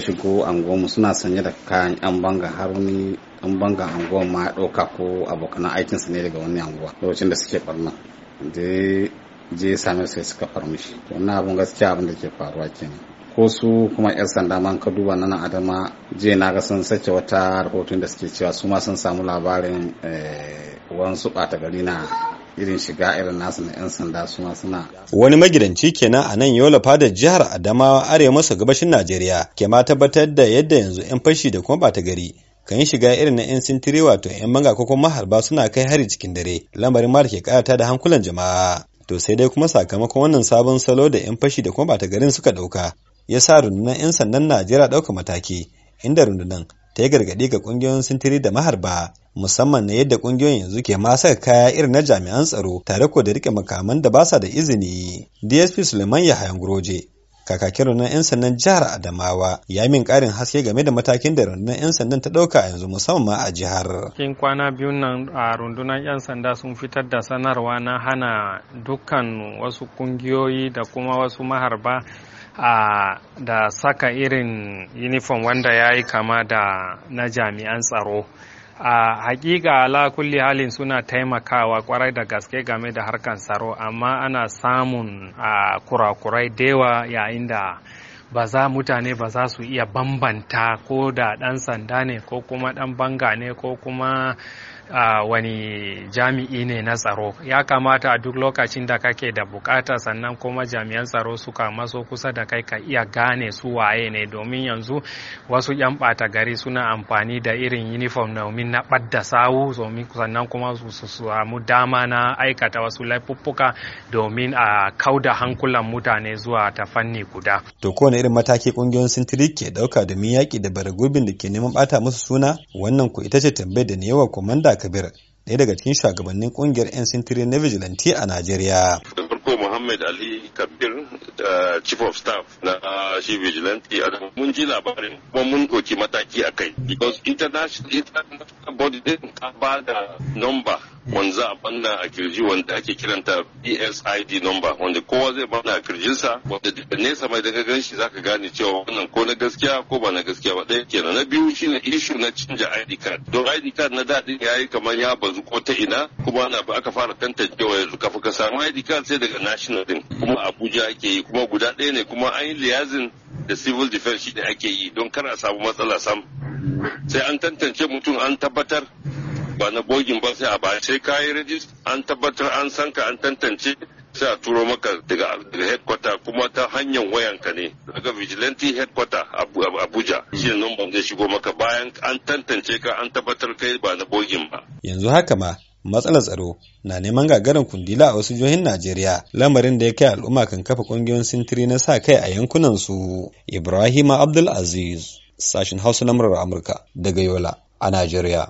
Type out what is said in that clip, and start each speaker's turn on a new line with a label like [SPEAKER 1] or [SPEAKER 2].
[SPEAKER 1] suka shigo mu suna sanye da kayan yan banga haruni an banga anguwan ma ɗauka ko abokanan aikinsu ne daga wani anguwa lokacin da suke barna da je same sai suka farmi shi wannan abun gaskiya abin da ke faruwa kenan ko su kuma yan sanda man ka duba nan adama je na ga sun sace wata rahoton da suke cewa su ma sun samu labarin eh, su ɓata gari na irin shiga irin nasu na 'yan sanda suna.
[SPEAKER 2] Wani magidanci kenan a nan Yola Fadar jihar Adamawa arewa maso gabashin Najeriya ke ma tabbatar da yadda yanzu 'yan fashi da kuma bata gari kan yi shiga irin na 'yan sintiri wato 'yan manga ko kuma maharba suna kai hari cikin dare lamarin ma da ke karata da hankulan jama'a. To sai dai kuma sakamakon wannan sabon salo da 'yan fashi da kuma bata garin suka ɗauka ya sa rundunar 'yan sandan Najeriya ɗauka mataki inda rundunar ta yi gargaɗi ga ƙungiyoyin sintiri da maharba musamman na yadda kungiyoyin yanzu ke masa kaya irin na jami'an tsaro tare ko da rike makaman da basa da izini dsp suleiman yahayan groje kakakin rundunar 'yan sandan jihar adamawa ya min karin haske game da matakin da rundunar 'yan sandan ta dauka yanzu musamman a jihar
[SPEAKER 3] cikin kwana biyu nan a rundunar 'yan sanda sun fitar da sanarwa na hana dukkan wasu kungiyoyi da kuma wasu maharba a da saka irin uniform wanda ya yi kama da na jami'an tsaro a hakika ala kulli halin suna taimakawa kwarai da gaske game da harkar tsaro amma ana samun a kurakurai dewa yayin da ba za mutane ba za su iya bambanta ko da dan sanda ne ko kuma dan banga ne ko kuma uh, wani jami'i ne na tsaro ya kamata a duk lokacin da kake da bukata sannan kuma jami'an tsaro suka maso kusa da kai ka iya gane su waye ne domin yanzu wasu yan bata gari suna amfani da irin uniform domin na ɓadda sawu sannan kuma su samu dama na aikata wasu laifuffuka domin a kauda hankulan mutane zuwa ta fanni guda.
[SPEAKER 2] To kowane irin mataki kungiyoyin sintiri ke dauka domin yaki da bara da ke neman bata musu suna wannan ku ita ce tambayar da ne yawa komanda Kabir, ɗaya daga cikin shugabannin ƙungiyar 'yan sintiri na vigilante a Najeriya.
[SPEAKER 4] Muhammad Ali Kabir da Chief of Staff na shi vigilante a mun ji labarin kuma mun ɗauki mataki a kai. Because international, international body ta ba da number wanda a banna a kirji wanda ake kiranta PSID number wanda kowa zai banna a kirjinsa wanda daga nesa mai daga gan shi zaka gane cewa wannan ko na gaskiya ko ba na gaskiya ba ɗaya kenan na biyu shine issue na canja ID card don ID card na da ya yayi kamar ya bazu ko ta ina kuma ana aka fara tantancewa yanzu kafin ka samu ID card sai daga national national din kuma mm. abuja ake yi kuma guda ɗaya ne kuma an yi liyazin da civil defense shi ne ake yi don kar a samu matsala sam sai an tantance mutum an tabbatar ba na bogin ba sai a ba sai kayi yi an tabbatar an san ka an tantance sai a turo maka daga headquarter kuma ta hanyar wayanka ne daga vigilante headquarter abuja mm. shi ne zai shigo maka bayan an tantance ka an tabbatar kai ba na bogin ba
[SPEAKER 2] yanzu haka ma matsalar tsaro na neman gagarin kundila a wasu jihohin Najeriya lamarin da ya kai al'umma kan kafa kungiyoyin sintiri na sa kai a yankunan su Ibrahim Abdul Aziz sashin Hausa na Amurka daga Yola a Najeriya